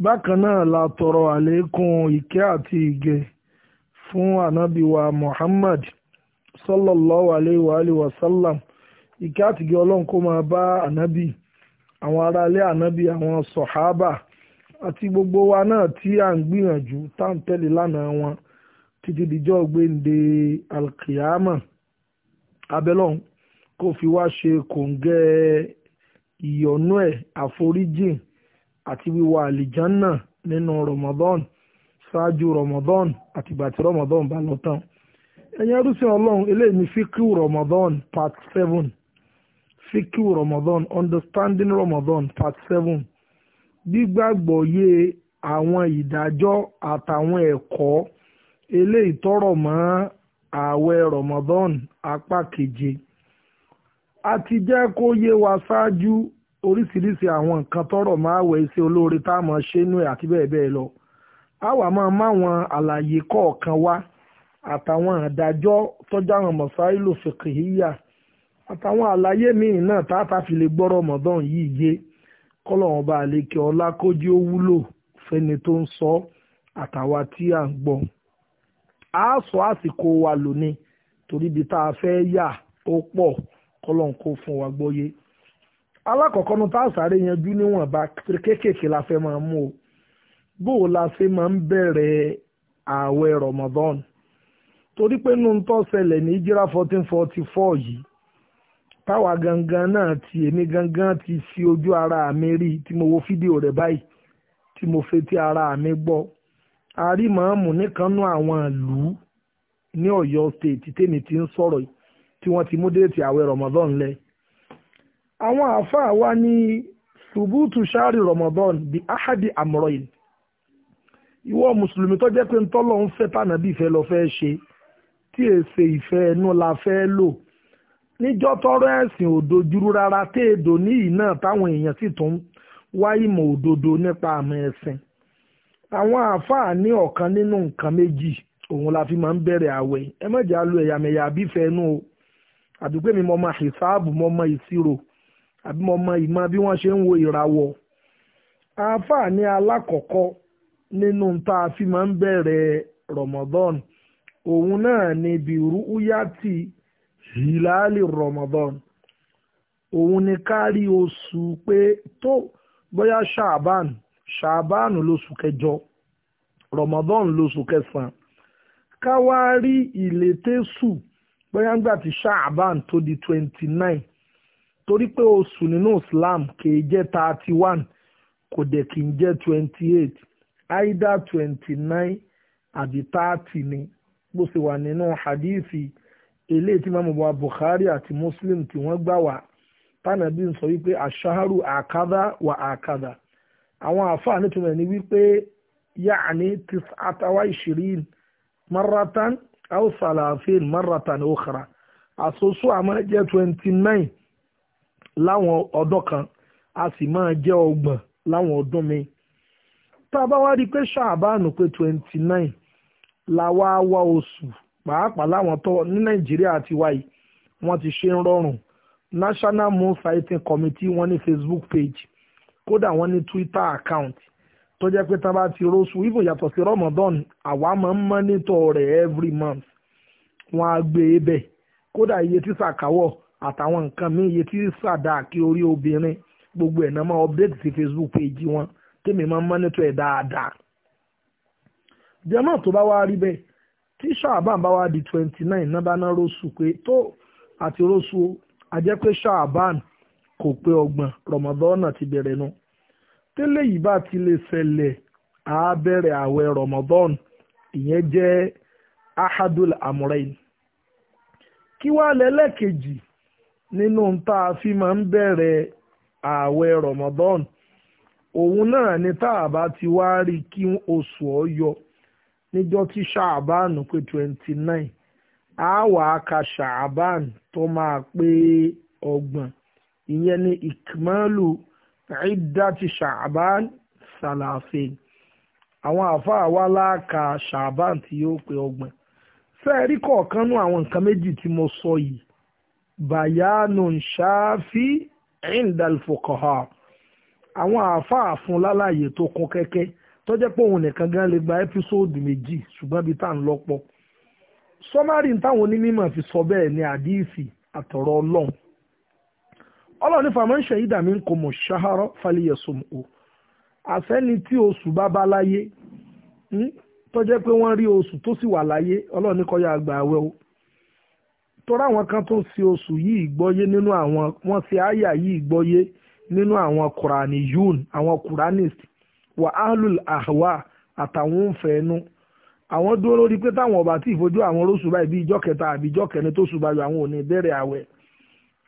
bákan náà la tọrọ àlékún ìkẹ́ àti fun fún ànábìwa Muhammad sallallahu alayhi wa sallam ìkẹ́ àti ìgẹ̀ ọlọ́run kó máa bá ànábì àwọn aráalé ànábì àwọn sọ̀hábà àti gbogbo wa náà tí à ń gbìyànjú tá à ń tẹ̀lé lánàá wọn títí dìjọ́ gbéǹde alkiyama abẹ́lọ́hún kó fi wá ṣe kòǹgẹ́ ìyọ́nú ẹ̀ àforíjìn àti wíwọ àlìjánà nínú Ramadan ṣáájú Ramadan àtìgbà tí Ramadan bá lọ tán ẹ̀yin arúsìn ọlọ́run eléyìí ni fíkú Ramadan part seven fíkú Ramadan understanding Ramadan part seven gbígbàgbọ́ yé àwọn ìdájọ́ àtàwọn ẹ̀kọ́ eléyìí tọrọ mọ́ ààwẹ̀ Ramadan apá keje a ti jẹ́ kó yé wa ṣáájú oríṣiríṣi àwọn nǹkan tọrọ máa wẹ̀ iṣẹ́ olóore tá a mọ̀ ṣe nú ẹ̀ àti bẹ́ẹ̀ bẹ́ẹ̀ lọ a wà máa máwọn àlàyé kọ̀ọ̀kan wá àtàwọn àdájọ́ tọ́jà àwọn mọ̀sáìlò fìkìhíyà àtàwọn àlàyé míì náà tá a ta fi lè gbọ́rọ̀ mọ̀dán yìí yé kọ́lọ́run bá lè kí ọlá kójú ó wúlò fẹ́ni tó ń sọ àtàwa tí à ń gbọ́ a sọ àsìkò wa lónìí torí ibi tá a fẹ́ yà ó pọ̀ kọ́lọ́run kó fún wa gbọ́yé alákọ̀ọ́kọ́ nu tá a sáré yanjú níwọ̀nba kéékèèké la fẹ́ máa mú o bó o la ṣe máa ń bẹ̀rẹ̀ ààwẹ̀ Ramadan torí pé nínú tó ṣẹlẹ̀ ní ìjírá fourteen forty four yìí táwa gangan náà ti èmi gangan ti fi ojú ara mi rí tí mo wo fídíò rẹ̀ báyìí tí mo fetí ara mi gbọ́ a rí màámù níkanú àwọn ìlú ní Ọ̀yọ́ state tèmi ti ń sọ̀rọ̀ tí wọ́n ti mú déètì ààwẹ̀ Ramadan lẹ́ẹ̀ àwọn àáfàá wa ní ṣubútù ṣáàrì Ramadan bí ahadi amroin ìwọ mùsùlùmí tó jẹ́ pé ń tọ́lọ̀ ń fẹ́ tànàbí ìfẹ́ lọ fẹ́ ṣe tí èsè ìfẹ́ ẹnu la fẹ́ lò níjọ́ tọrọ ẹ̀sìn òdojúrú rárá téèdò ní ìná táwọn èèyàn sì tún wá ìmọ̀ òdodo nípa àmì ẹ̀sìn àwọn àáfàá ní ọ̀kan nínú nǹkan méjì òun la fi máa ń bẹ̀rẹ̀ àwẹ̀ ẹ má jà lo ẹ̀yàmẹ̀yà àbífẹ́ ẹnu o àdúgbò mi mọ́ máa ṣèṣáàbù mọ́ máa ìṣirò àbí mo mọ ìmọ̀ bí wọ́n ṣe ń wo ìràwọ̀ àáfàá ní alákọ̀ọ́kọ́ nínú tá a fi máa ń bẹ̀rẹ̀ Ramadan òun náà ni bìrú úyàtì hilali Ramadan òun ni kárí oṣù pé tó bóyá ṣàbán ṣàbán lóṣù kẹjọ Ramadan lóṣù kẹsàn-án ká wá rí ìlétésù bóyá ńgbà tí ṣàbán tó di twenty nine torí pé oṣù nínú Islam kìí jẹ́ thirty one kò dẹ̀ kìí jẹ́ twenty eight either twenty nine àbí thirty ni bó ṣe wà nínú hadithi eléyìí tí mọ́mọ́ bá Bukhari àti Muslim tí wọ́n gbà wá tánàbí ń sọ wípé àṣàhárù àkádá wà àkádá àwọn àfáà nítorí ẹni wípé yaani tis atawa ishirin maratan aw salafin maratan okhra àsosọ àmọ́ jẹ́ twenty nine láwọn ọdún kan a sì máa jẹ́ ọgbọ̀n láwọn ọdún mi tá a bá wá rí i pé ṣàbánu pé twenty nine la wá wá oṣù pàápàá láwọn tó ní nàìjíríà ti wáyé wọ́n ti ṣe ń rọrùn national moon fighting committee wọ́n ní facebook page kódà wọ́n ní twitter account tó jẹ́ pé tán bá ti róṣù ibo yàtọ̀ sí ramadan àwa máa ń mọ́nítọ̀ rẹ̀ every month wọ́n á gbé e bẹ̀ kódà iye tí sàkáwọ̀ àtàwọn nǹkan míì iye tí sàdá kí orí obìnrin gbogbo ẹ̀ náà máa update sí Facebook page wọn tèmi máa ń mọ́nítọ̀ ẹ̀ dáadáa. jẹ́mọ̀ tó bá wá rí bẹ́ẹ̀ tí ṣáàbà bá wá di twenty nine náà bá ná róṣù pé tó àti róṣù ajẹ́ pé ṣáàbà kò pé ọgbọ̀n rọ̀mọ̀dọ́nà ti bẹ̀rẹ̀ nu tẹ́lẹ̀ yìí bá ti lè ṣẹlẹ̀ á bẹ̀rẹ̀ àwẹ̀ rọ̀mọ̀dọ́n ìyẹn jẹ́ ahadul amurain kí wàá lẹ́lẹ́kejì nínú tá a fi máa ń bẹ̀rẹ̀ ààwẹ̀ Ramadan òun náà ni tá a bá ti wá rí kí oṣù ọyọ níjọ́ tí ṣàbáànù pé twenty nine a wà á ka ṣàbáànù tó máa pé ọgbọ̀n ìyẹn ni ìkìmọ́lù ìdáti ṣàbáànù ṣàlàfẹ́ àwọn àáfàá wa láàka ṣàbáànù tí yóò pé ọgbọ̀n fẹ́ẹ́ rí kọ̀ọ̀kan nú àwọn nǹkan méjì tí mo sọ yìí bayanun ṣááfì indal fuqaha àwọn àáfàá fún lálàyé tó kún kẹ́kẹ́ tó jẹ́ pé òun nìkan gan lè gba ẹ́písòdù méjì ṣùgbọ́n bíi tá ń lọ́pọ̀ sọ́márì táwọn onímọ̀ fi sọ bẹ́ẹ̀ ni àdíìsì àtọ̀rọ̀ ọlọ́run ọlọ́run nípa máa ń ṣe ìdàmí kò mọ̀ ṣáhárọ́ fàlíyẹ̀sùn o àfẹ́ni tí oṣù bá bá láyé hmm, tó jẹ́ pé wọ́n rí oṣù tó sì wà láyé ọlọ́run ní kó yá gba àwẹ̀ o torí àwọn kan tó ṣe oṣù yìí gbọ́yé nínú àwọn wọ́n ṣe àyà yìí gbọ́yé nínú àwọn kùránì yún àwọn kùránìst wà áhùl àhùwà àtàwọn òǹfẹ̀ẹ́nu àwọn dúró lórí pé táwọn ọba tí ìfojú àwọn oróṣù báyìí bí ìjọ kẹta àbí ìjọ kẹrin tó ṣùgbọ́n àwọn ò ní bẹ̀rẹ̀ àwẹ̀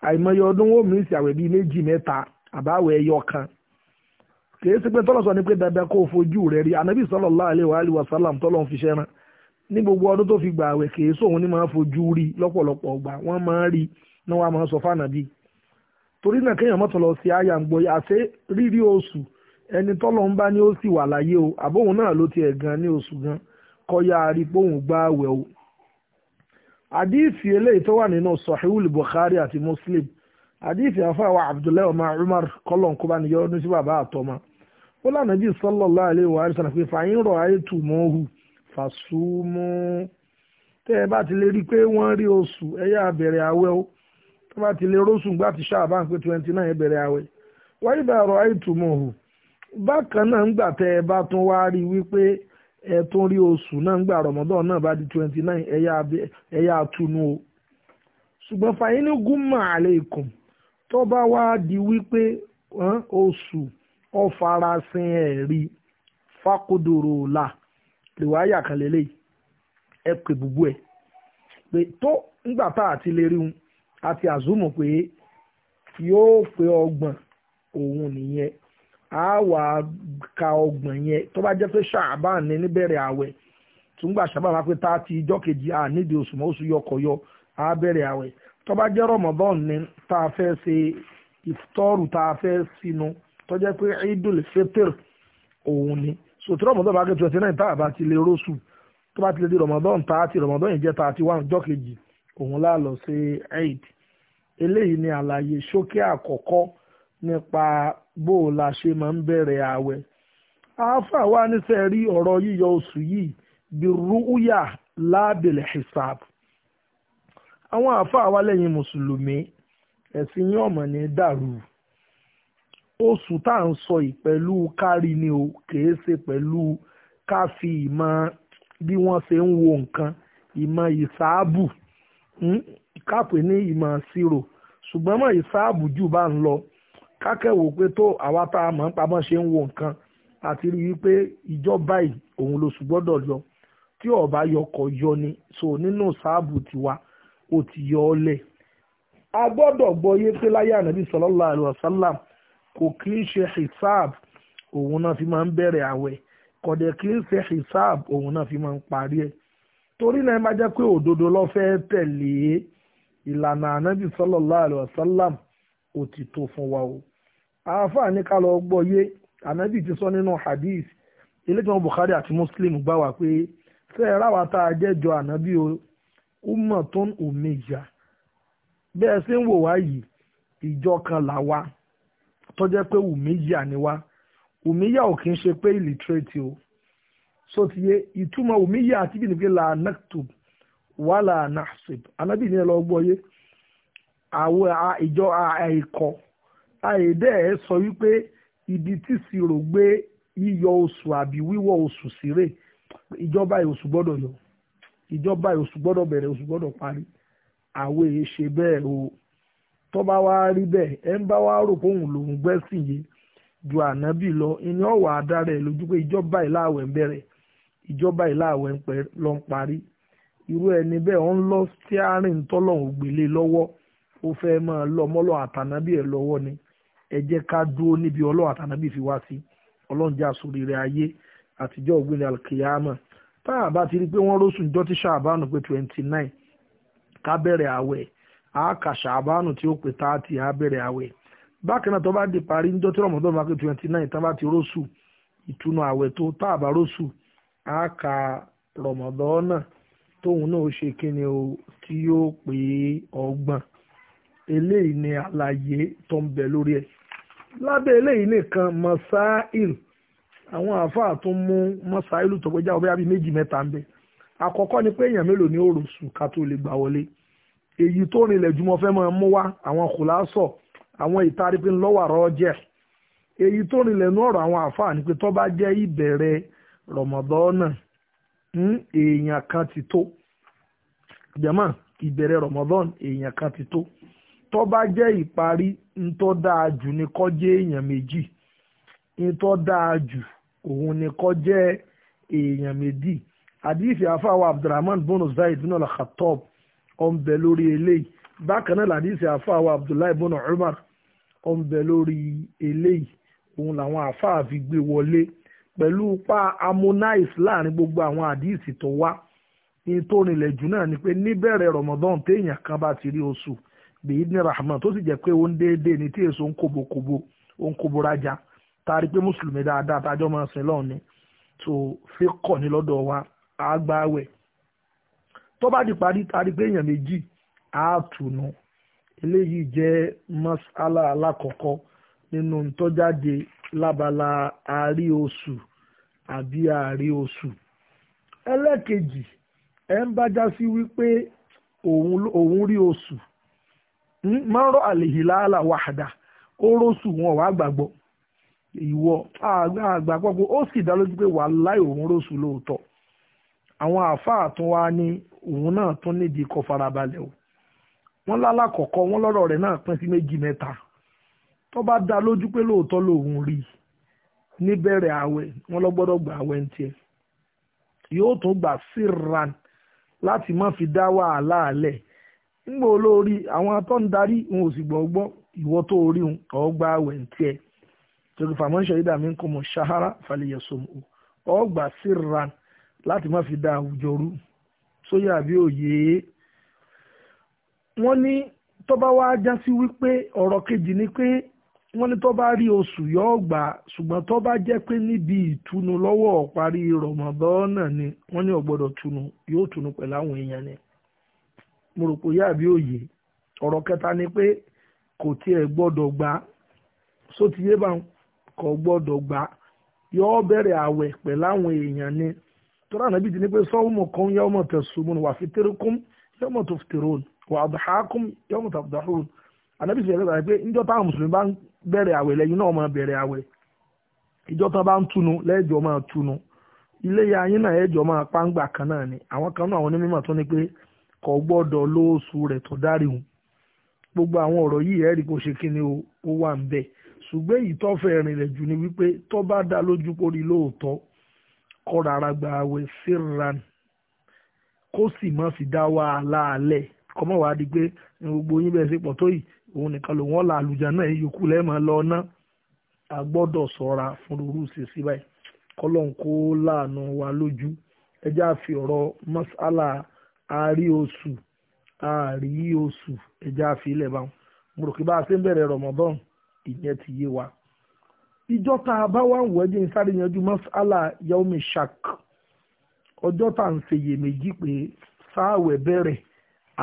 àìmọye ọdún wo mí sí àwẹ̀ bíi méjì mẹ́ta àbáwẹ̀ ẹyọ kan kìí ṣe pé tọ́lọ̀ sọ ni pé dandan kó o fojú rẹ̀ rí ànábì sallallahu alaihi wa alihi tọ́lọ̀ ń fi ṣẹ́ràn ní gbogbo ọdún tó fi gbà àwẹ̀ kìí sóun ní máa fojú rí lọ́pọ̀lọpọ̀ ọgbà wọ́n máa rí ní wọ́n máa sọ fànàbí torí náà kéèyàn mọ́tò lọ sí àyà ń gbọ́yà àṣẹ rírí oṣù ẹni tọ́lọ́ ń bá ní ó sì wà láyé o àbóhun náà ló tiẹ̀ gan ní oṣù gan kọ́yà àrípòhùn gbá àwẹ̀ o. àdìsí eléyìí tó wà nínú sahihul Bukhari àti Muslim àdìsí àfàwà Abdullahi ọmọ Umar kọlọ̀n kó bá níyọ́ ní sí bàbá àtọ́mọ ó lànà bí sallallahu alaihi wa sallam pé fàyín rọ̀ ayé tù mọ́ hù fàṣùmù tẹ́ ẹ bá ti lè rí i pé wọ́n rí oṣù ẹ yá bẹ̀rẹ̀ àwẹ̀ o tẹ́ bá ti lè róṣù gbà ti ṣáàbà ń pé twenty nine ẹ bẹ̀rẹ̀ àwẹ̀ wáyé bá ọ̀rọ̀ àìtùmọ̀hù bákan náà ńgbà tẹ́ ẹ bá tún wá rí i wípé ẹ tún rí oṣù náà ńgbà rọ̀mọ́dọ̀ náà bá di twenty nine ẹ yá tunu o ṣùgbọ́n fàyínní gúnmọ̀ àlékún tó bá wá di wípé oṣù ọ̀farasin ẹ̀rí Fakodoro là. rìwáyà kan lélẹ̀ ẹ pè pe ẹ̀ pé tó ńgbà tá àti lè rí un àti àzúmọ̀ pé yóò pé ọgbọ̀n òun nìyẹn á wà á ka ọgbọ̀n yẹn tó bá jẹ́ pé ṣàbán ní níbẹ̀rẹ̀ àwẹ̀ túngbà ṣàbán máa pé táàtì ijọ́ kejì à nídìí oṣù mọ́ oṣù yọkọ̀yọ á bẹ̀rẹ̀ àwẹ̀ tó ni tá a fẹ́ ṣe ìtọ́rù tá a fẹ́ sínú tó jẹ́ pé idul òun ni. so tí rọmọdọ́n bá gé a bá ti lè róṣù tó bá ti lè di jẹ́ kejì òun la lọ sí eid eléyìí ni àlàyé sókè àkọ́kọ́ nípa bó o la ṣe máa ń bẹ̀rẹ̀ ààwẹ̀ wa rí ọ̀rọ̀ yíyọ oṣù yìí bí àwọn wa lẹ́yìn mùsùlùmí ẹ̀sìn yín ọ̀mọ̀ oṣù tá à ń sọ yìí pẹ̀lú kárí ni o kìí ṣe pẹ̀lú ká fi ìmọ̀ bí wọ́n ṣe ń wo nǹkan ìmọ̀ ìsáàbù hmm, kápẹ́ ní ìmọ̀ ṣírò ṣùgbọ́n mọ̀ ìsáàbù jù bá ń lọ kákẹ́wò pé tó àwa tá a mọ̀ ń pamọ́ ṣe ń wo nǹkan àti rí i ìjọba yìí òun ló ṣùgbọ́dọ̀ yọ tí ọba yọkọ yọ ni so nínú ṣáàbù tiwa ó ti yọ ọ lẹ̀ a gbọ́dọ̀ gbọ́ yé pé láyé ànábì sallallahu alaihi kò kí ń ṣe hisab òun náà fi máa ń bẹ̀rẹ̀ àwẹ̀ kọ̀dẹ̀ kí ń ṣe hisab òun náà fi máa ń parí ẹ̀ torí náà má jẹ́ pé òdodo ló fẹ́ tẹ̀lé ìlànà ànábì sallallahu alaihi wasallam ó fún wa o àáfàá ní ká lọ gbọ́ yé ànábì ti sọ nínú hadith ilé tí àti Muslim gbà wá pé ṣe é ráwa tá a jẹ́jọ ànábì o ummatun umiyya bẹ́ẹ̀ ṣe ń wò wá yìí ìjọ kan làwa tó jẹ́ pé wùmíyà ni wá wùmíyà ò kì í ṣe pé illiterate o so ti yé ìtumọ̀ wùmíyà àti bí nìkan la naktub wàhálà nahsib anábì ní ẹ lọ gbọ́ yé àwọn ìjọ àìkọ àìdẹ́ ẹ sọ wípé ibi tí sírò gbé yíyọ oṣù àbí wíwọ̀ oṣù sírè ìjọba oṣù gbọ́dọ̀ yọ ìjọba oṣù gbọ́dọ̀ bẹ̀rẹ̀ oṣù gbọ́dọ̀ parí àwọn èyí ṣe bẹ́ẹ̀ o tó bá wá rí bẹ́ẹ̀ ẹ ń bá wá rò pé òun lòún gbẹ́sìn yìí ju ànábì lọ ìní ọ̀wà adarẹ̀ lójú pé ìjọba ìláàwẹ̀ ń bẹ̀rẹ̀ ìjọba ìláàwẹ̀ ń pẹ́ lọ ń parí irú ẹni bẹ́ẹ̀ ń lọ steering tọ́lọ́hún gbélé lọ́wọ́ ó fẹ́ máa lọ àtànábì ẹ̀ lọ́wọ́ ni ẹ jẹ́ ká dúró níbi ọlọ́ àtànábì fi wá sí ọlọ́njà sóríire ayé àtijọ́ ògbìnrin alkiyama tá a bá ti rí i pé wọ́n rọ́ṣùn jọ́tíṣà àbánu pé twenty nine ká bẹ̀rẹ̀ àwẹ̀ àáka ṣàbánù tí ó pè táàtì abẹ́rẹ́ àwẹ̀ bákan náà tó bá di parí ń dọ́tí rọ̀mọ́dọ́ bá twenty nine tá bá ti róṣù ìtúnu àwẹ̀ tó tá àbá róṣù àáka rọ̀mọ́dọ́ náà tóun náà ó ṣe kíni o tí yóò pé ọgbọ̀n eléyìí ni àlàyé tó ń bẹ lórí ẹ̀ lábẹ́ eléyìí nìkan masail àwọn àáfàá tó mú masail tó gbẹjá ọbẹ̀ àbí méjì mẹ́ta ń bẹ àkọ́kọ́ ni pé èèyàn mélòó ni ó rò ká tó lè gbà wọlé èyí tó rìnlẹ̀ jùmọ̀ fẹ́ máa mú wá àwọn kòláṣọ̀ àwọn ìtarí pé ńlọ́wọ́ àrọ́ jẹ́ èyí tó rìnlẹ̀ nú ọ̀rọ̀ àwọn àfáà ni pé tó bá jẹ́ ìbẹ̀rẹ̀ rọ̀mọ̀dọ́nà hmm, èèyàn kan ti tó jẹ́mọ́ ìbẹ̀rẹ̀ rọ̀mọ̀dọ́n èèyàn kan ti tó tó bá jẹ́ ìparí ńtọ́ dáa jù ni kó jẹ́ èèyàn méjì ńtọ́ dáa jù òun ni kó jẹ́ èèyàn méjì àdìsí àfáà wa Abdulrahman bono zaid bin al khatob ọ̀nbẹ lórí eléyìí bákan náà làdísì àfáà wa abdullahi bọ́nà umar ọ̀nbẹ lórí eléyìí òun làwọn àfáà fi gbé wọlé pẹ̀lú pa harmonize láàrin gbogbo àwọn àdísì tó wá ní tó rinlẹ̀ jù náà ni pé níbẹ̀rẹ̀ ramadan téèyàn kan bá ti rí oṣù bíi ní rahman tó sì jẹ́ pé ó ń déédéé ní tí èso ń kóbokóbo ó ń kóboraja tari pé mùsùlùmí dáadáa tájọ́ máa sin lọ́ọ̀ tó fi kọ̀ ní lọ́dọ̀ wa àgbáwẹ̀ tó bá di parí tari pé èèyàn méjì á tùnú eléyìí jẹ́ masala alákọ̀ọ́kọ́ nínú ntọ́jáde lábala àárí oṣù àbí àárí oṣù ẹlẹ́kejì ẹ̀ ń bá já sí wípé òun rí oṣù mọ́rọ̀ hmm, àlèhìláàlà wàhádà ó rọ́ṣù wọn wàá gbàgbọ́ ìwọ àgbàpọ̀ ó sì dá lójú pé wàá láì òun rọ́ṣù lóòótọ́ àwọn àáfàá tún wá ní òun náà tún nídìí kó farabalẹ̀ o wọ́n lálàkọ̀kọ́ wọ́n lọ́rọ̀ rẹ̀ náà pín sí méjì mẹ́ta tó bá dá lójú pé lóòótọ́ lòun rí níbẹ̀rẹ̀ àwẹ̀ wọ́n lọ gbọ́dọ̀ gba àwẹ̀ ń tiẹ̀ yóò tún gbà síran fi dá wàhálà ala ńgbà olórí àwọn tó ń darí n ò sì gbọ́gbọ́ ìwọ tó rí ń ọgbà àwẹ̀ ń tiẹ̀ torí fàmọ́ṣẹ́ mọ̀ ṣahara síran fi dá àwùjọ sóyè àbí òye wọ́n ní tó bá wá já sí wípé ọ̀rọ̀ kejì ni pé wọ́n ní tó rí oṣù yóò gbà ṣùgbọ́n tó jẹ́ pé níbi ìtùnú lọ́wọ́ parí rọ̀mọ̀dọ́nà ni wọ́n ní ni mo rò ni pé kò gbọ́dọ̀ gbà yóò bẹ̀rẹ̀ àwẹ̀ pẹ̀lú àwọn èèyàn ni tọ́lá nàbí ti ní ụmụ sọ́wọ́n mọ̀ kan yawma tasumun kum fitrukum yawma tuftirun wà adhakum yawma tadhahun ànábì sì yẹ pé níjọ́ táwọn mùsùlùmí bá ń bẹ̀rẹ̀ àwẹ̀ lẹ́yìn náà máa bẹ̀rẹ̀ àwẹ̀ ìjọ tán bá ń túnu lẹ́jọ́ máa túnu iléyà yín náà ẹ̀jọ̀ máa pàǹgbà kan ni kan gbogbo àwọn ọ̀rọ̀ yìí ṣe kí ni ó wà kọrọ ara gba àwẹ̀ síran kó sì má fi dá wàhálà alẹ̀ kọ́ wàá di pé gbogbo yín bẹ́ẹ̀ sí pọ̀ yìí òun nìkan àlùjá lọ ná a sọ́ra fún irú ìṣesí báyìí kọ́lọ́n kó láàánú wa lójú ẹ fi ọ̀rọ̀ mọ́sálà àárí oṣù àárí oṣù ilẹ̀ mo rò a ṣe ń wa. ìjọ tá a bá wà ń wẹ́jẹ́ ń yanjú masala yaomi shak ọjọ́ tá à ń ṣe iyèméjì pé sáàwẹ̀ bẹ̀rẹ̀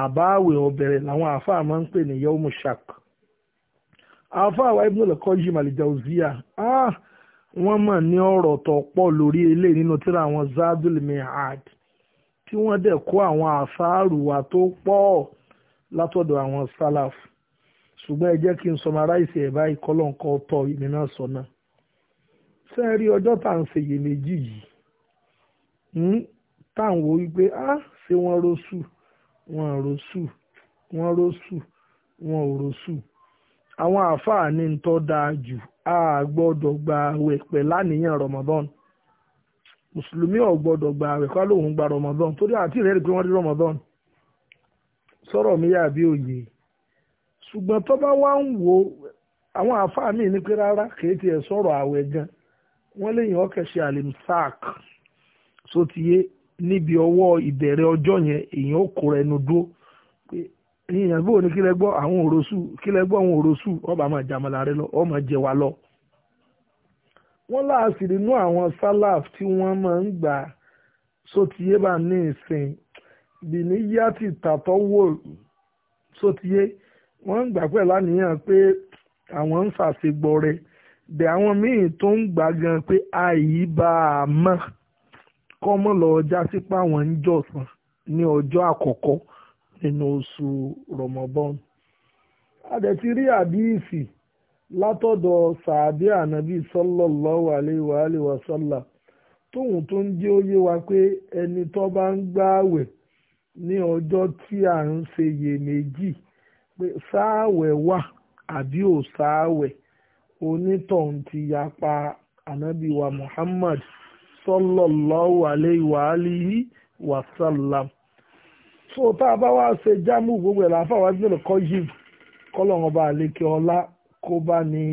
àbáwẹ̀ ọ̀bẹ̀rẹ̀ làwọn àáfàá máa ń pè ní yaomi shak àáfàá wa ibùdó lẹ́kọ́ yìí màlìjà òzíà wọ́n mọ̀ ní ọ̀rọ̀ tó pọ̀ lórí eléyìí nínú tíra àwọn zadul mihad tí wọ́n dẹ̀ kó àwọn àṣàrù wa tó pọ̀ látọ̀dọ̀ àwọn salaf ṣùgbọ́n ẹ jẹ́ kí n summarize ẹ̀ báyìí kọ́lọ́ǹkọ́ tọ́ èmi náà sọ náà ṣé ẹ rí ọjọ́ tá à ń ṣèyí méjì yìí tá à ń wo wípé á ṣé wọ́n rosù wọ́n rosù wọ́n rosù wọ́n ò rosù àwọn àáfàá ní ń tọ́ dáa jù á gbọ́dọ̀ gba àwẹ̀ pẹ̀ Ramadan mùsùlùmí ò gbọ́dọ̀ gba àwẹ̀ gba Ramadan torí àti pé wọ́n rí Ramadan sọ̀rọ̀ mi ṣùgbọ́n tó bá wá ń wò àwọn àáfàá mi ní pé rárá kìí tiẹ̀ sọ̀rọ̀ àwẹ̀ gan wọ́n lè yàn ọkẹ́ ṣe àlìmsáàk sotiye níbi ọwọ́ ìbẹ̀rẹ̀ ọjọ́ yẹn èèyàn ó kó rẹnu dúró pé èèyàn bò ní kílẹ̀ gbọ́ àwọn òrosù kílẹ̀ gbọ́ àwọn òrosù ọba máa jà mọ́lá rẹ lọ ọ jẹ wa lọ. wọ́n láàsì nínú àwọn sálàf tí wọ́n máa ń gbà sotiye bá ní ìsìn bìníyàtì tàtọ́wò sotiye. So wọ́n ń gbà pẹ̀ láníyàn pé àwọn ń ṣàṣegbọrẹ bẹ̀ àwọn míì tó ń gbà gan pé àìbá a mọ̀ kọ́mọ́ lọ jásí pé àwọn ń jọ̀sán ní ọjọ́ àkọ́kọ́ nínú oṣù rọmọbọ́n adẹ̀tí rí àdíìsì látọ̀dọ̀ sàábí ànábì sallallahu alaihi wa alihi wa sallam tóun tó ń jẹ́ óyé wa pé ẹni tó bá ń gbààwẹ̀ ní ọjọ́ tí à ń ṣe iyèméjì pé sáàwẹ̀ wà àbí ò sáàwẹ̀ onítọ̀hún ti yapa ànábì wa Muhammad sallallahu alayhi wa alihi wa sallam so tá a bá wá ṣe jámù gbogbo ẹ̀ láfàwá gbèrò kọ́yìm kọ́lọ́run ọba àlékè ọlá kó bá ní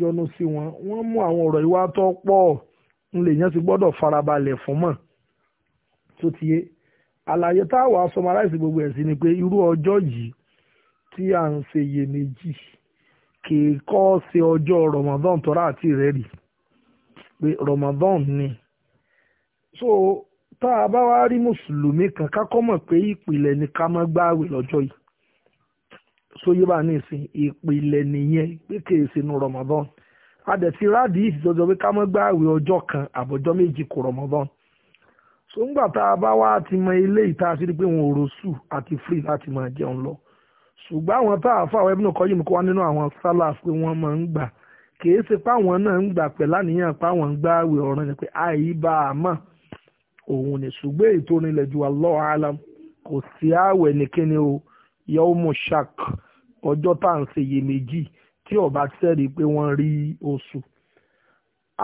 yọ́nú sí wọn wọ́n mú àwọn ọ̀rọ̀ ìwà tó pọ̀ ń yẹn ti gbọ́dọ̀ farabalẹ̀ fún mọ̀ tó ti àlàyé tá a gbogbo ẹ̀ sí ni pé irú ọjọ́ yìí tí à ń ṣe iyèméjì kì í kọ́ ṣe ọjọ́ Ramadan tọ́ra àti rẹ̀ rí Ramadan ni so tá a bá wá rí mùsùlùmí kan kákọ́ mọ̀ pé ìpìlẹ̀ ni ká má gbààwẹ̀ lọ́jọ́ yìí sóyè bá ní ìsìn ìpìlẹ̀ nìyẹn pé kì í ṣe nu Ramadan ráàdì yìí pé ká má ọjọ́ Ramadan so ńgbà tá a bá mọ pé wọn ò rò sùn àti free láti máa ṣùgbọ́n àwọn tá a fà wọ́n ẹbínú kọ́yìn kó wá nínú àwọn sálàf pé wọ́n máa ń gbà kìí ṣe páwọn náà ń gbà pẹ̀ láníyàn páwọn ń gbà àwẹ̀ ọ̀ràn ni pé àì bá a mọ̀ òun ni ṣùgbọ́n èyí tó nílẹ̀ ju Allahu alam kò sí àwẹ̀ ní kíni o yawmu shak ọjọ́ tá à ń ṣe iyèméjì tí ọba sẹ́rí pé wọ́n rí oṣù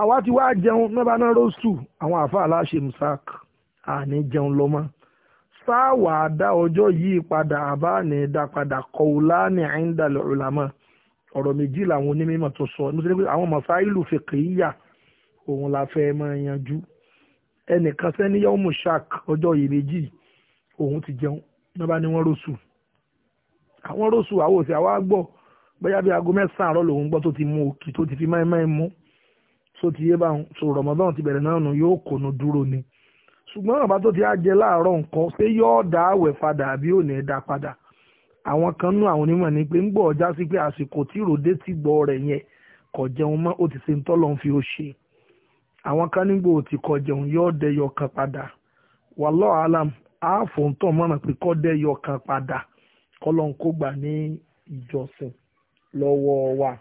àwa ti wá jẹun mẹ́bàá náà rọ́ṣù àwọn àfa aláṣẹ musak àní jẹun lọ́mọ́ sáàwà dá ọjọ́ yìí padà àbá ní dá padà kọ̀ọ̀lá ní àyíndàlẹ̀ ọ̀làmọ́ ọ̀rọ̀ méjì làwọn onímọ̀ tó sọ ní sẹ́ni pé àwọn mọ̀sáìlù fìkìyà òun la fẹ́ máa yanjú ẹnìkan sẹ́ni yọ́mù shark ọjọ́ yìí méjì òun ti jẹun ní bá ní wọ́n rọ́ṣù àwọn rọ́ṣù àwọn òsì àwọn àgbọ̀ bóyá bí aago mẹ́sàn-án àárọ̀ lòun gbọ́ tó ti mú òkì tó ti fi máìmáì mú tó ti yé báwọn Ramadan ti bẹ̀rẹ̀ náà nù yóò kònú dúró ni ṣùgbọ́n àbá tó ti á jẹ láàárọ̀ nǹkan pé yóò dá àwẹ̀ padà àbí ò ní dá padà àwọn kan nú àwọn onímọ̀ ni pé ń gbọ́ ọjà sí pé àsìkò tí ròdé ti gbọ́ rẹ̀ yẹn kò jẹun mọ́ ó ti ṣe ń tọ́lọ́ fi ó ṣe àwọn kan nígbò tí kò jẹun yóò dẹyọ kan padà wallahu alam àáfò ń tàn mọ́ràn pé kọ́ dẹyọ kan padà kọ́lọ́n kó gbà ní ìjọsìn lọ́wọ́ wa.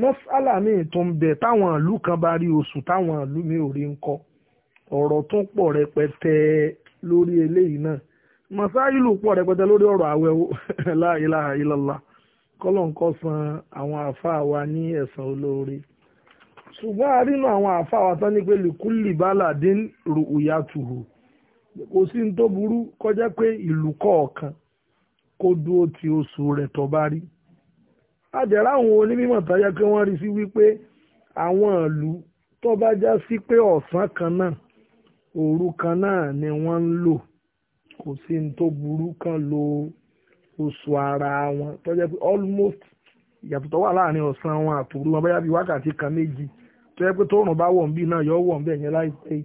mọ́sálà míì tó ń bẹ táwọn ìlú kan bá rí oṣù táwọn ìlú mi ò rí ń kọ́ ọ̀rọ̀ tún pọ̀ rẹpẹtẹ lórí eléyìí náà masáyìlú pọ̀ rẹpẹtẹ lórí ọ̀rọ̀ àwẹ̀ la ilaha san àwọn àáfàá wa ní ẹ̀sán olóore ṣùgbọ́n a rínú àwọn àáfàá wa tán ní pé lìkúlì báládín rùúyàtùhù kò sí ní tó burú kọjá pé ìlú kọ̀ọ̀kan kó dúró ti oṣù rẹ̀ tó bá rí àjẹrà àwọn onímọ̀ táyà pé wọ́n rí sí wípé àwọn ìlú tó bá já sí pé ọ̀sán kan náà òru kan náà ni wọ́n ń lò kò sí ní tó burú kan lo oṣù ara wọn tó jẹ́ pé almost ìyàtọ̀ tó wà láàrin ọ̀sán wọn àtòru wọn bóyá bíi wákàtí kan méjì tó jẹ́ pé tóòrùn bá wọ̀ ń bí náà yọ wọ̀ ń bẹ̀ yẹn láìpẹ́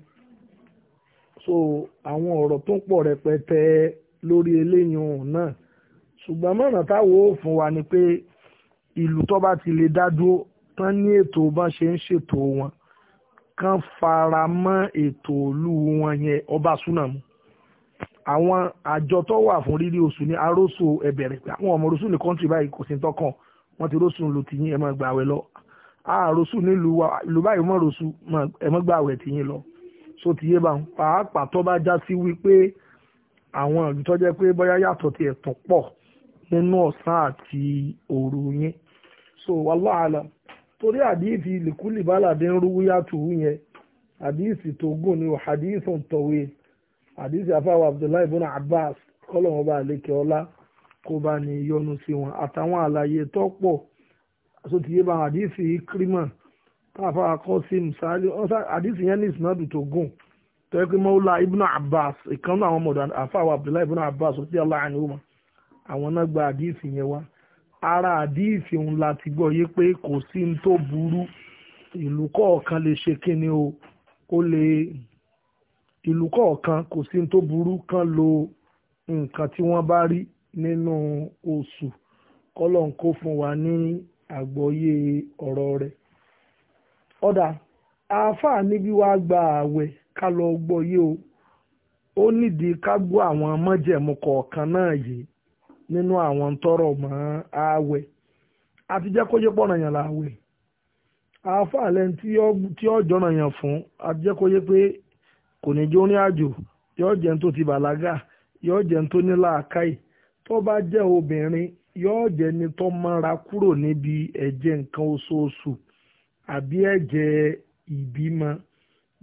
so àwọn ọ̀rọ̀ tó ń pọ̀ rẹpẹtẹ lórí eléyìí ọ̀hún náà ṣùgbọ́n mọ̀ràn táwọn ò fún wa ni pé ìlú tó bá ti lè dá dúró tán ní ètò bá ṣe ń ṣètò wọn kan fara mọ́ ètò òlu wọn yẹn ọba súnà mu àwọn àjọ tó wà fún rírí oṣù ní arósù ẹ̀bẹ̀rẹ̀ pé àwọn ọmọ rosu ní kọ́ńtì báyìí kò sí tọkàn wọn ti rosu lu tìyín ẹ máa lọ àròsù nílùú wa ìlú báyìí mọ̀ rosu ẹ máa gbà wẹ̀ tìyín lọ so tìyẹ bá ń pàápàá tó bá já sí wípé àwọn ìlú tó jẹ́ pé bóyá yàtọ̀ tiẹ̀ tún pọ̀ nínú ọ̀sán àti òru yín so wàhálà torí àdíìsì lìkúlì bálàdé ń rúwúyà tùú yẹn àdíìsì tó gùn ni àdíìsì tọ̀wé àdíìsì afáwọ̀ abdullahi ibn abbas kọ́lọ́wọ́n bá àlékè ọlá kó bá ní yọ́nú sí wọn àtàwọn àlàyé tó pọ̀ àsòtìyé bá àdíìsì kírímà táàfà akọ́sìm sáálí àdíìsì yẹn ní ìsìnàdù tó gùn tọ́yẹ́ pé mọ́wúlá ibn abbas ìkànnì àwọn mọ̀dàn afáwọ̀ abdullahi ibn abbas rọ́tí aláàánú wọn àwọn náà gba àdíìsì yẹn wá ara àdíìsì òun la ti gbọ́ yé pé kò sí ní tó burú ìlú kọ̀ọ̀kan lè ṣe kíni o ó lè ìlú kọ̀ọ̀kan kò sí ní tó burú kan lo nǹkan tí wọ́n bá rí nínú oṣù kọ́lọ̀ fún wa ní àgbọ́yé ọ̀rọ̀ rẹ̀ ọ̀dà àáfàá níbi wàá gba ààwẹ̀ ká lọ yé o ó nídìí ká gbọ́ àwọn mọ́jẹ̀mú kọ̀ọ̀kan náà yìí nínú àwọn tọrọ mọ́ ààwẹ̀ àti jẹ́ kó yé pọ̀nà yàn láàwẹ̀ àáfàá lẹ́ni tí ọ jọ̀nà yàn fún àti jẹ́ kó yé pé kò ní jẹ́ orin àjò yóò jẹun tó ti bàlágà yóò jẹun tó ní làákàyè tó bá jẹ́ obìnrin yóò jẹ́ ni tó mọ́ra kúrò níbi ẹ̀jẹ̀ nǹkan oṣooṣù àbí ẹjẹ ìbímọ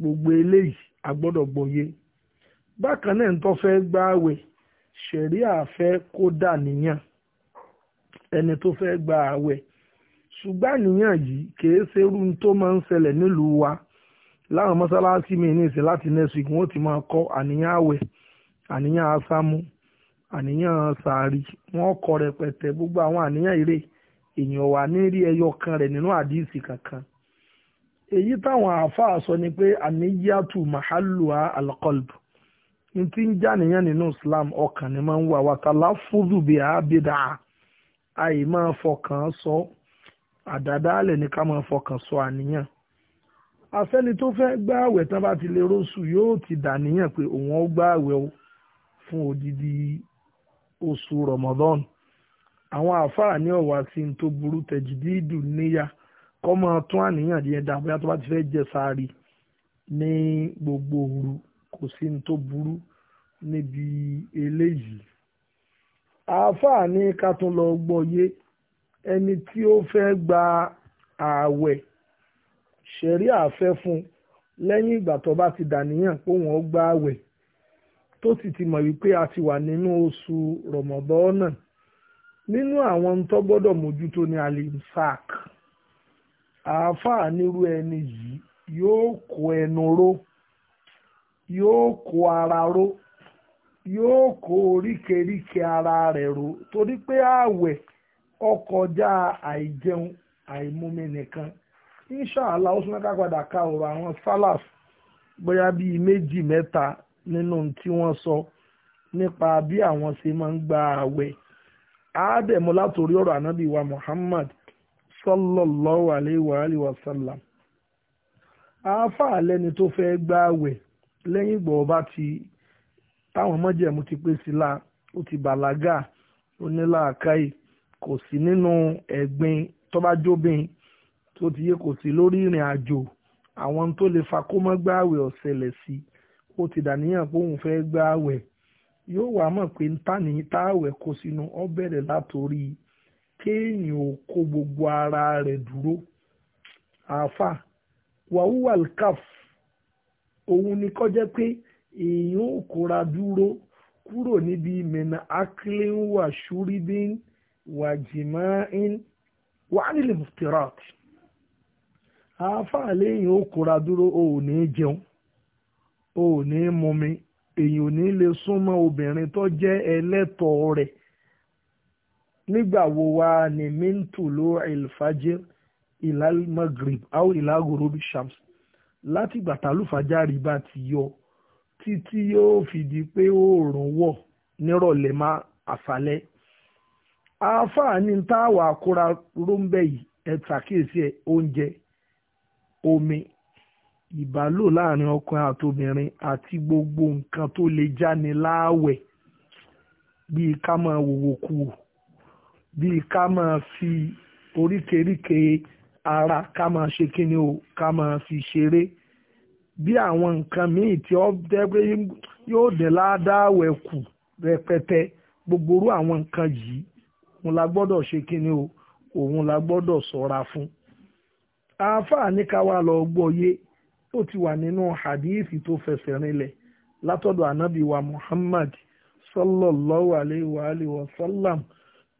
gbogbo eléyìí a gbọ́dọ̀ gbọ́yé bákan náà ń tó fẹ́ gbààwẹ̀ ṣẹ̀ríà fẹ́ kó dà níyàn ẹni tó fẹ́ gba ààwẹ̀ ṣùgbọ́n àníyàn yìí kìí ṣerú tó máa ń ṣẹlẹ̀ nílùú wa láwọn mọ́sálásí mi ní ìsìn láti next week wọ́n ti máa kọ́ àníyàn ààwẹ̀ àníyàn asámú àníyàn sàárì wọ́n kọ rẹpẹtẹ gbogbo àwọn àníyàn eré èèyàn wà ní rí ẹyọ kan rẹ̀ nínú àdíìsì kankan èyí táwọn àáfàá sọ ni pé àníyàtù màhálùwà alqalb n ti ń já nìyẹn nínú Islam ọkàn ni máa ń wà wàtàlá fúdù bíi àbídà àì máa fọkàn sọ àdàdálẹ̀ ní ká máa fọkàn sọ àníyàn afẹ́ni tó fẹ́ gba àwẹ̀ tán bá ti lè róṣù yóò ti dà níyàn pé òun ó gba àwẹ̀ fún odidi oṣù Ramadan àwọn àáfàá ní ọ̀wà sí ní tó burú tẹ̀jìdídù níyà kọ́ máa tún àníyàn yẹn dà bóyá tó bá ti fẹ́ jẹ sáárì ní gbogbo òru kò sí ní tó burú níbi eléyìí àáfàá ni ká tún lọ gbọ́yé ẹni tí ó fẹ́ gba ààwẹ̀ ṣẹ̀rí àfẹ́ fún lẹ́yìn ìgbà tó bá ti dàníyàn pé wọ́n gba ààwẹ̀ tó sì ti mọ̀ wípé a ti wà nínú oṣù rọ̀mọ̀dọ́nà nínú àwọn tó gbọ́dọ̀ mójútó ní alimsak àáfàá nírú ẹni yìí yóò kó ẹnu ró yóò kó ara ró yóò kó oríkèéríkèé ara rẹ̀ ro torí pé ààwẹ̀ ọkọjá àìjẹun àìmumi nìkan inṣàlá ó súnmọ́ ká padà ka ọ̀rọ̀ àwọn salaf bóyá bíi méjì mẹ́ta nínú tí wọ́n sọ nípa bí àwọn ṣe máa ń gba ààwẹ̀ àádẹ́mu látòrí ọ̀rọ̀ ànábì wa Muhammad sallallahu alayhi wa alayhi wa sallam àáfàá lẹ́ni tó fẹ́ gba ààwẹ̀ lẹ́yìn ìgbà ọba ti táwọn mọ́jẹ̀mú ti pé sí la ó ti bàlágà ó ní làákàyè kò sí nínú ẹ̀gbin tó bá jóbin tó ti yé kò sí lórí ìrìn àjò àwọn tó lè fa kó mọ́ gbààwẹ̀ ọ̀sẹ̀lẹ̀ sí ó ti dàníyàn pé òun fẹ́ gbààwẹ̀ yóò wá mọ̀ pé ntàní táwẹ̀ kó sínú ọ bẹ̀rẹ̀ látòrí kéèyàn ò kó gbogbo ara rẹ̀ dúró àáfà wàhùwà òun ni kọjá pé èèyàn ò kóra dúró kúrò níbi mẹ́nà akílẹ̀ ń wà ṣúrídìn wà jìmáìn wà nílẹ̀ muftirat àáfàá lẹ́yìn ò kóra dúró o ò ní jẹun o ò ní mumi èèyàn ò ní lè súnmọ́ obìnrin tó jẹ́ ẹlẹ́tọ̀ọ́ rẹ̀ nígbà wo wa ni mintu ló ilfajir ilal magrib au ilagorobi shams láti gbàtà lùfàjárì bá ti yọ títí tí yóò fi di pé oòrùn wọ̀ nírọ̀lẹ́ má àṣálẹ́ àáfàá ní táwa àkúra róńbẹ́ yìí ẹ ṣàkíyèsí ẹ oúnjẹ omi ìbálò láàrin ọkùnrin àtòbìnrin àti gbogbo nǹkan tó lè jáni láàwẹ̀ bíi ká máa wòwò kú bíi ká máa fi oríkèéríkèé ara ká máa ṣe kíni o ká máa fi ṣeré bí àwọn nǹkan míì tí ó dẹ́gbẹ́ yóò dẹ̀ ládàáwẹ̀ kù rẹpẹtẹ gbogbo àwọn nǹkan yìí o òun la sọ́ra fún. àáfàá ní ká wá lọ ó ti wà nínú hadith tó fẹsẹ̀ rinlẹ̀ látọ̀dọ̀ ànábì wa Muhammad sallallahu alayhi wa alayhi wa sallam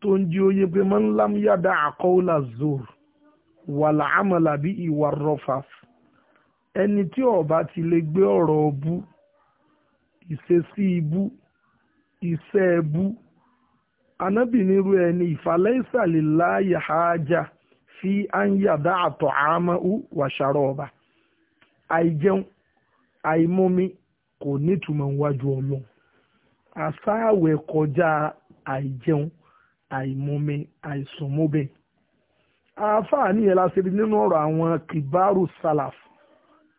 tó ń jí oyè pé man yada àkọ́wọ́lá zor bí ìwà ẹni tí ọba ti lè gbé ọ̀rọ̀ ọbú ìṣesí ibú iṣẹ́ ẹbú anábìnirú ẹni ìfàlẹ́ ìsàlẹ̀ láàyè hájà fi ànyàdá àtọ̀ àmọ́ wàṣàrọ̀ ọba àìjẹun àìmọ́mi kò nítumọ̀ níwájú ọlọ́run àsáàwẹ̀ kọjá àìjẹun àìmọ́mi àìsùnmọ́bẹ̀ àáfàá nìyẹn la ṣe rí nínú ọ̀rọ̀ àwọn kìbárù sálàfù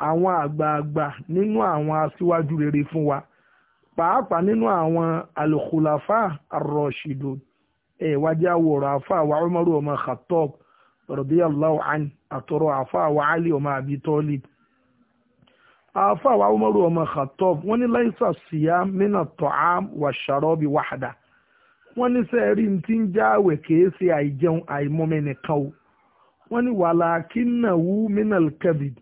àwọn àgbààgbà nínú àwọn aṣíwájú rere fún wa pàápàá nínú àwọn alùkùlàfà àròṣìdò ẹ̀ wájà wọ̀rọ̀ àfà wa Umaru ọmọ Khattab radiyallahu an àtọ̀rọ̀ àfà wa Ali ọmọ Abi Talib àfà wa Umaru ọmọ Khattab wọ́n ní láìsà síyá mínà tọ̀ám wà ṣàrọ́bì wàhádà wọ́n ní sẹ́ẹ̀rí ti ń jáwẹ̀ kìí ṣe àìjẹun àìmọ́mẹ́nìkan o ní wàlàkínà mínà kẹ́bìdì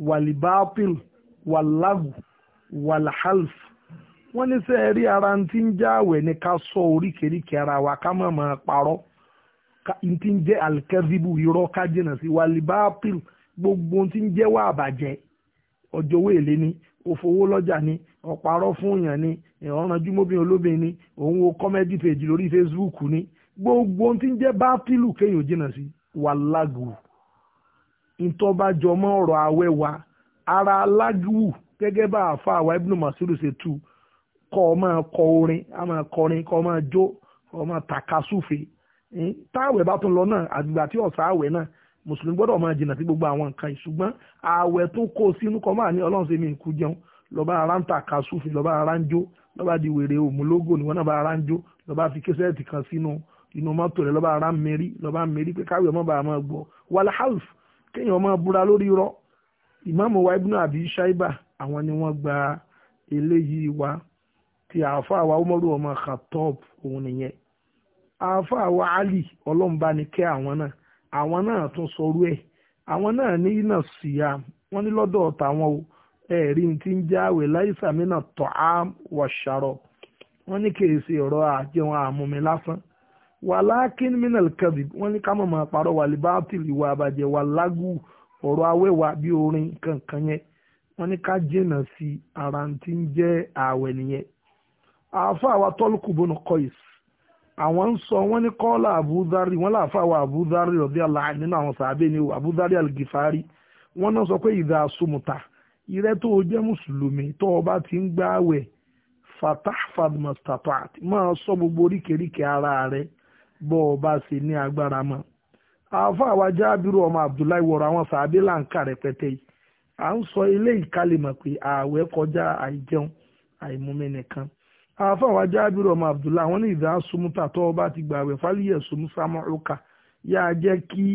walibapil wàlágù wàlàhálf wọn ní sẹ rí ara ń ń já sọ oríkèéríkèé ara wa ká má máa parọ́ ń ń gbogbo ń ń jẹ́ wà ni òfowó ni ọ̀parọ́ fún èèyàn ni ìrànjú mọ́bìnrin olóbìnrin ni òun wo ni gbogbo ń ìtọ́bájọmọ́ ọ̀rọ̀ àwẹ̀ wa ara alágùwù gẹ́gẹ́ bá àfa àwa ibùdó masiru ṣe tú kọ́ ọ máa kọ orin a máa kọrin kọ́ ọ máa jó ọ máa tàkasúfe táwẹ̀ bá tún lọ náà àgbà tí ọ̀sà àwẹ̀ náà mùsùlùmí gbọ́dọ̀ máa jìnnà sí gbogbo àwọn nǹkan ìṣùgbọ́n àwẹ̀ tó kó sínú kọ́ máa ní ọlọ́run ṣe mi ìkú jẹun lọ́ba ara ń tàkasúfe lọ́ba ara ń jó lọ́ba di wèrè òmùlógò níwọ̀n náà bá ara ń jó lọ́ba fi késẹ́ẹ̀tì kan sínú inú mọ́tò rẹ̀ lọ́ba ara ń mérí lọ́ba ń mérí pé káwé ọmọ bàá máa gbọ́ wàlá house kéèyàn máa búra lórí rọ ìmáàmù wa ibùnú àbí ṣáíbà àwọn ni wọ́n gba eléyìí wa ti àáfàá wa umaru ọmọ khatob òun nìyẹn àáfàá wa ali ọlọ́mùbá ni kẹ́ àwọn náà àwọn náà tún sọrú ẹ̀ àwọn náà ní iná síya wọ́n ní lọ́dọ̀ ọ̀tá wọn o ti ń láìsàmínà tọ́ ní ọ̀rọ̀ àjẹun àmúmi lásán wàlákin minal kadib wọ́n ní ká mọ̀ máa parọ́ wà libatil ìwà àbàjẹ́ wà lágù ọ̀rọ̀ awẹ́wà bí orin kankan yẹn wọ́n ní ká jìnnà sí ara tí ń jẹ́ ààwẹ̀ nìyẹn. àáfàá wa tọ́lùkù bọ́nà kọ́ìs àwọn ń sọ wọ́n ní kọ́lá àbúzárì wọ́n láàfàá wa àbúzárì ọ̀dẹ́ àlá nínú àwọn sàábẹ́ ni àbúzárì àlùgìfárì wọ́n náà sọ pé ìdá asumuta ìrẹ́ tó o jẹ́ mùsùlùmí tó o bá ti ń gbáwẹ̀ fatah fadmastatat máa sọ gbogbo oríkèéríkèé ara rẹ̀ bọ́ ọ bá ṣe ní agbára mọ́ àáfà àwa jábìrú ọmọ abdullahi wọ̀rọ̀ àwọn sàábé láǹkà rẹpẹtẹ yìí à ń sọ ilé ìkálẹ̀mọ̀ pé ààwẹ̀ kọjá àìjẹun àìmumi nìkan àáfà àwa jábìrú ọmọ abdullahi àwọn ní ìdá sumuta tó o bá ti gbà wẹ̀ fálíyẹ̀ sumu samuel ká yáa jẹ́ kí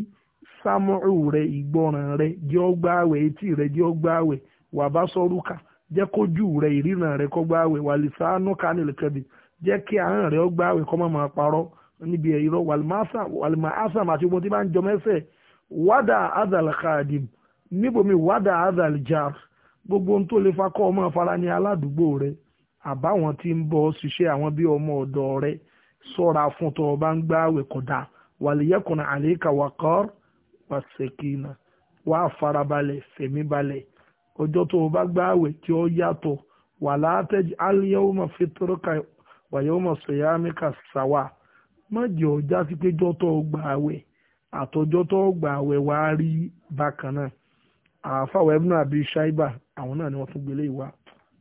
samuel rẹ ìgbọràn rẹ jẹ́ ó gbààwẹ̀ etí rẹ jẹ́ ó gbààwẹ̀ wàbá sọ́rùkà jẹ́ kójú rẹ ìríran rẹ kó gbààwẹ̀ wàlìsánú kanilkẹ́bì jẹ́ kí àárín rẹ ó gbààwẹ̀ kó má máa parọ́ níbi ẹ̀rọ wàlmáàsà àti ogun tí bá ń jọ mẹ́sẹ̀ wádà azal khadim níbòmí wádà azal jar gbogbo ohun tó lè fa kọ́ ọmọ afárá ní aládùúgbò rẹ àbáwọn tí ń bọ́ ṣiṣẹ́ àwọn bí ọmọ ọ̀dọ́ rẹ sọ́ra fún tó o bá ń gbáwẹ̀ kọ̀dà wàlíyẹ́kùn àlékà wàkọ́r wàṣẹ̀kìnà wà farabalẹ̀ fẹ̀mí ọjọ́ tó o bá gbáwẹ̀ tí ó yàtọ̀ wàlá tẹ́jú al yawma fitrika wà yawma siyamika sawa. má jẹ́ ọjà sí pé jọ́tọ̀ gbà àwẹ̀ àtọ́jọ́tọ̀ gbà àwẹ̀ wá rí bákan náà ni wọn tún gbélé ìwà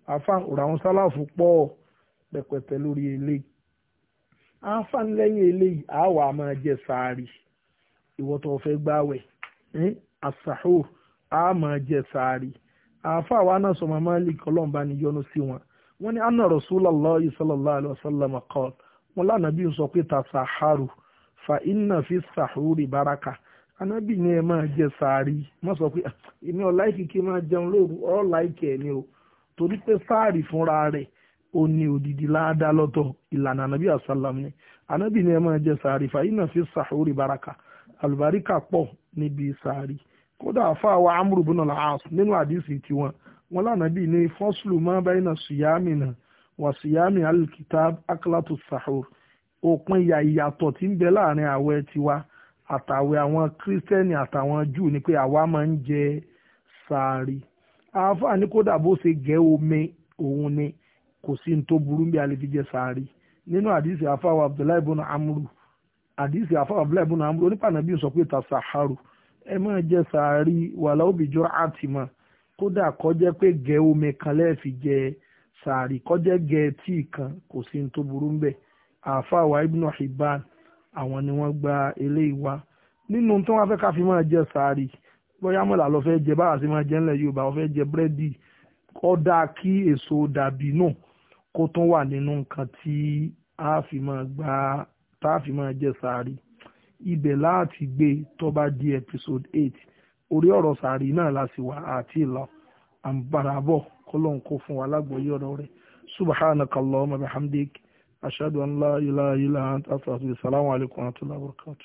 ọ̀rọ̀ àwọn pọ̀ lórí lẹ́yìn àáwà máa jẹ sáárì ìwọ a máa jẹ sáárì wa náà sọ màmá lè kọ́ lọ́nba sí wọn anna rasulallah wọn lánàá bí n sọ pé ta saharu fa inna fi sahuri baraka anábì ni ẹ máa jẹ sáárì má sọ pé ah, èmi ọ̀la ìkíkí máa jẹun lóru ọ̀la ìkẹ́ ẹ̀ ni o torí pé sáárì fúnra rẹ̀ ó ní òdìdí láàdá lọ́tọ̀ ìlànà anábì àsálàm ni anábì ni ẹ máa jẹ sáárì fa inna fi sahuri baraka àlùbáríkà pọ̀ níbi sáárì kódà àfáà amúrùbùnà làásù nínú àdìsí tiwọn wọn lánàá bí ní máa bá iná sùyàmì náà wàsíyámi alikitab aklatu sahur òpin ìyà ìyàtọ̀ tí ń bẹ láàrin àwẹ̀ tiwa àtàwẹ̀ àwọn kírísítẹ́nì àtàwọn júù ni pé àwa máa ń jẹ sàárì àáfàá ní kódà bó ṣe gẹ́ omi òun ni kò sí ní tó burú bí a lè fi jẹ sàárì nínú àdìsí àfáwà abdullahi ibn amru àdìsí àfáwà abdullahi ibn amru onípànàbí sọ pé ta sàhárù ẹ máa jẹ sàárì wàhálà òbíjọ àtìmọ́ kódà kọjá pé gẹ́ omi kan lẹ́ẹ̀fi jẹ sàárì sàárì kọjẹ́ gẹ̀ẹ́tì kan kò sí ní tó burú ń bẹ̀ àáfàá wa ibnu hibban àwọn ni wọ́n gba eléyìí wá nínú tí wọ́n fẹ́ ká fi máa jẹ sàárì bóyá mọ̀lá lọ fẹ́ jẹ báwa sí máa jẹ ńlẹ̀ yorùbá wọ́n fẹ́ jẹ búrẹ́dì kọ́dà kí èso dàbí náà kó tún wà nínú nǹkan tí a fi máa gba tá a fi máa jẹ sàárì ibẹ̀ láti gbé tó di episode eight orí ọ̀rọ̀ sàárì náà la sì wà àti ìlọ àǹbaràbọ̀ kọ́lọ́n kó fún wa lágbọ̀ọ́yé ọ̀rọ̀ rẹ̀ subhanaka allahumma bihamdik ashhadu an la ilaha anta astaghfiruka wa alaykum wa rahmatullahi wa barakatuh.